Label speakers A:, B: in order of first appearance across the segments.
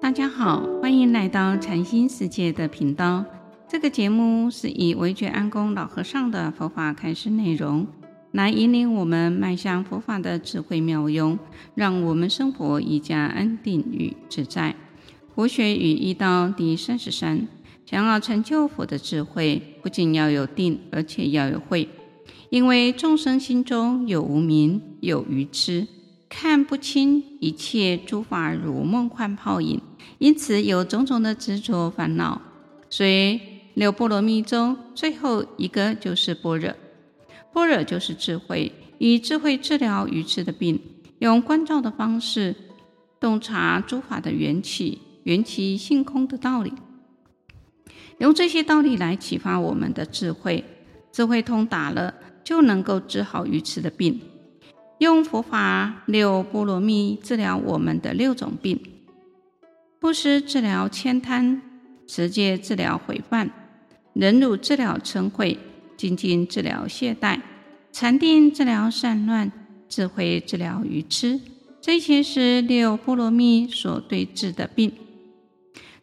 A: 大家好，歡迎來到禪心世界的頻道。這個節目是以惟覺安公老和尚的佛法開示內容，來引領我們邁向佛法的智慧妙用，讓我們生活愈加安定與自在。佛學與醫道第三十三，想要成就佛的智慧，不僅要有定，而且要有慧，因為眾生心中有無明，有愚癡。看不清一切諸法如夢幻泡影，因此有種種的執着煩惱。所以六波羅蜜中最後一個就是般若，般若就是智慧，以智慧治療愚癡的病，用觀照的方式，洞察諸法的緣起、緣起性空的道理，用這些道理來啟發我們的智慧，智慧通達了，就能夠治好愚癡的病。用佛法六波羅蜜治療我們的六種病：布施治療慳貪，持戒治療毀犯，忍辱治療嗔恚，精進治療懈怠，禪定治療散亂，智慧治療愚癡。這些是六波羅蜜所對治的病。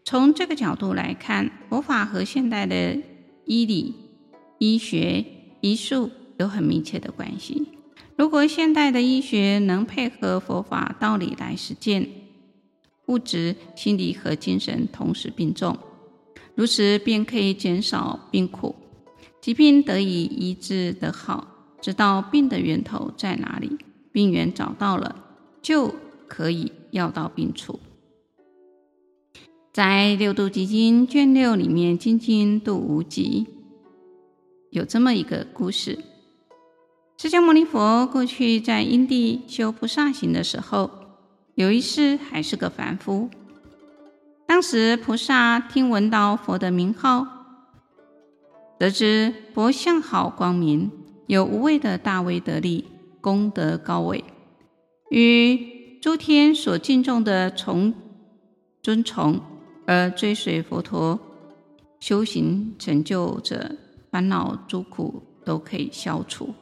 A: 從這個角度來看，佛法和現代的醫理、醫學、醫術有很密切的關係。如果現代的醫學能配合佛法道理來實踐，物質、心理和精神同時並重，如此便可以減少病苦，疾病得以醫治得好。知道病的源頭在哪裡，病源找到了，就可以藥到病除。在《六度集經》卷六裡面，《精進度無極》有這麼一個故事。釋迦牟尼佛過去在因地修菩薩行的時候，有一世還是個凡夫。當時菩薩聽聞到佛的名號，得知佛相好光明，有無畏的大威德力，功德高偉，與諸天所敬重的從尊崇而追隨佛陀修行，成就者煩惱諸苦都可以消除。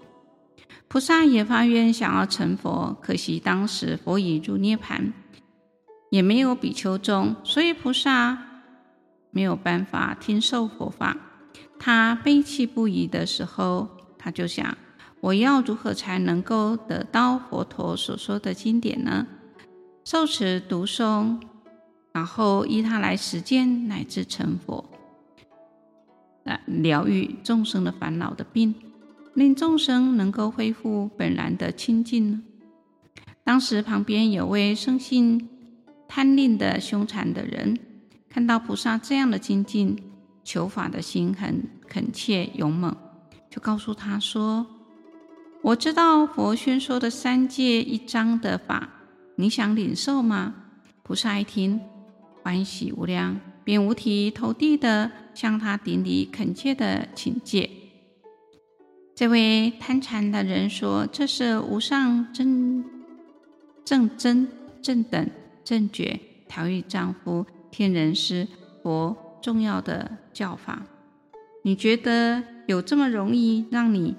A: 菩薩也發願想要成佛，可惜當時佛已入涅槃，也沒有比丘眾，所以菩薩沒有辦法聽受佛法。他悲泣不已的時候，他就想，我要如何才能夠得到佛陀所說的經典呢？受持讀誦，然後依他來實踐，乃至成佛，來療癒眾生的煩惱的病。令眾生能夠恢復本然的清淨呢？當時旁邊有位生性貪吝的兇殘的人，看到菩薩這樣的精進求法的心很懇切勇猛，就告訴他說：“我知道佛宣說的三戒一章的法，你想領受嗎？”菩薩一聽，歡喜無量，便五體投地的向他頂禮，懇切的請戒。這位貪殘的人說：“這是無上正真、正等正覺、調御丈夫、天人師、佛重要的教法。你覺得有這麼容易讓你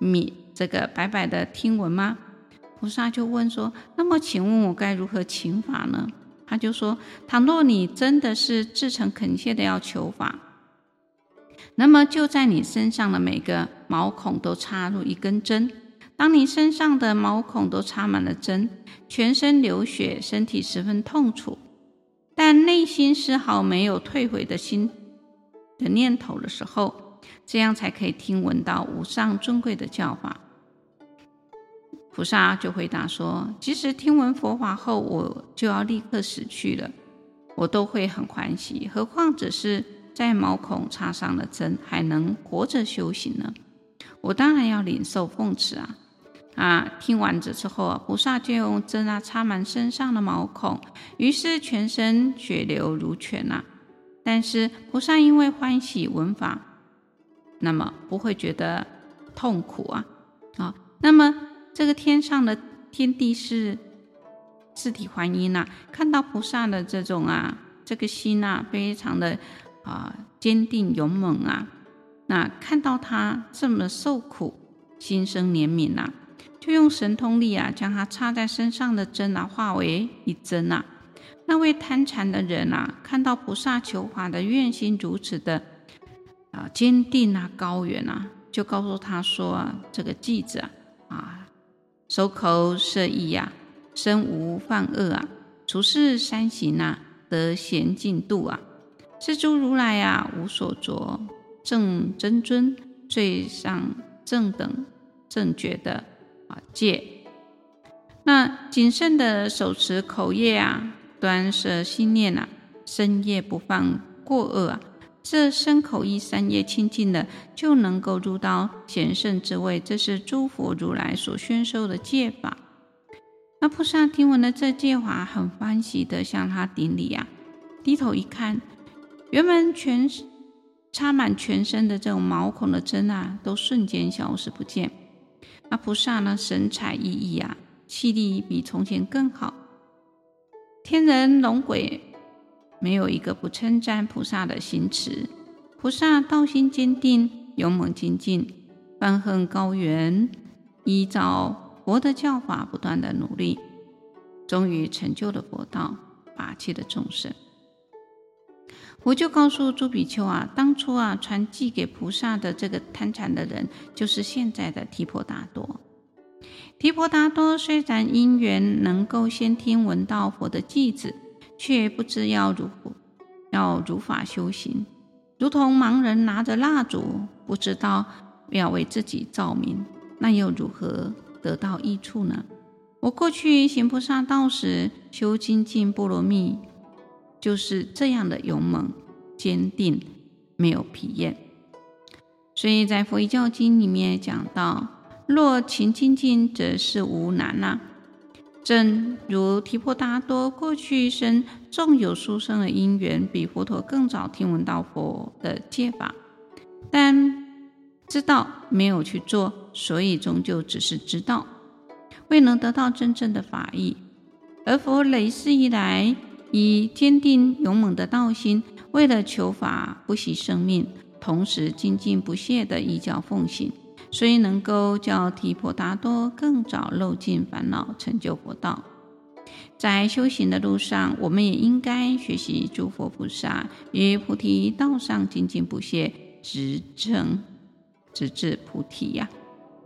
A: 米這個白白的聽聞嗎？”菩薩就問說：“那麼，請問我該如何請法呢？”他就說：“倘若你真的是至誠懇切的要求法。”那麼就在你身上的每個毛孔都插入一根針，當你身上的毛孔都插滿了針，全身流血，身體十分痛楚，但內心絲毫沒有退悔的心的念頭的時候，這樣才可以聽聞到無上尊貴的教法。菩薩就回答說：“即使聽聞佛法後，我就要立刻死去了，我都會很歡喜，何況只是。”在毛孔插上了針，還能活着修行呢？我當然要領受奉持啊！啊，聽完這之後啊，菩薩就用針啊插滿身上的毛孔，於是全身血流如泉吶、啊。但是菩薩因為歡喜聞法，那麼不會覺得痛苦啊！啊，那麼這個天上的天帝釋提桓因吶，看到菩薩的這種啊，這個心吶、啊，非常的。啊，堅定勇猛啊！那看到他這麼受苦，心生憐憫吶、啊，就用神通力啊，將他插在身上的針啊化為一針啊。那位貪殘的人啊，看到菩薩求法的願心如此的啊堅定啊高遠啊，就告訴他說、啊：“這個偈子啊，啊守口攝意啊，身無犯惡啊，除是三行啊，得賢徑度啊。”是諸如來呀、啊，無所着正真尊、最上正等正覺的啊戒，那謹慎的手持口業啊，端攝心念啊，身業不犯過惡啊，這身口意三業清淨的，就能夠入到賢聖之位。這是諸佛如來所宣說的戒法。那菩薩聽聞了這戒法，很歡喜的向他頂禮啊，低頭一看。原本全身插滿全身的這種毛孔的針啊，都瞬間消失不見。那菩薩呢，神采奕奕啊，氣力比從前更好，天人龍鬼沒有一個不稱讚菩薩的行持。菩薩道心堅定，勇猛精進，梵行高遠，依照佛的教法不斷的努力，終於成就了佛道，拔濟了眾生。我就告訴諸比丘啊，當初啊傳偈給菩薩的這個貪殘的人，就是現在的提婆達多。提婆達多雖然因緣能夠先聽聞到佛的偈子，卻不知要如何要如法修行，如同盲人拿着蠟燭，不知道要為自己照明，那又如何得到益處呢？我過去行菩薩道時，修精進波羅蜜。就是這樣的勇猛、堅定，沒有疲倦，所以在佛遺教經裡面講到：“若勤精進，進，則事無難啊。”正如提婆達多過去一生縱有殊勝的因緣，比佛陀更早聽聞到佛的戒法，但知道沒有去做，所以終究只是知道，未能得到真正的法益。而佛累世以來，以堅定勇猛的道心，為了求法不惜生命，同時精進不懈地依教奉行，所以能夠較提婆達多更早漏盡煩惱，成就佛道。在修行的路上，我們也應該學習諸佛菩薩，於菩提道上精進不懈，直正直至菩提呀、啊。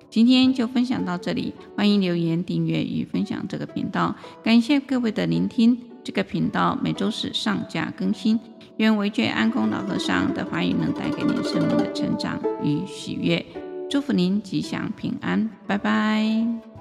A: 今天就分享到這裡，歡迎留言、訂閱與分享這個頻道。感謝各位的聆聽。這個頻道每周四上架更新，願惟覺安公老和尚的法語能帶給您生命的成長與喜悅，祝福您吉祥平安，拜拜。